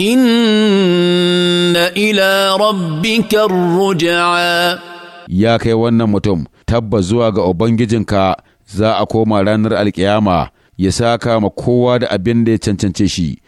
إن إلى ربك الرجعى يا كي wannan mutum tabba zuwa ga ubangijinka za a koma ranar alkiyama ya saka ma kowa da abin da ya cancance shi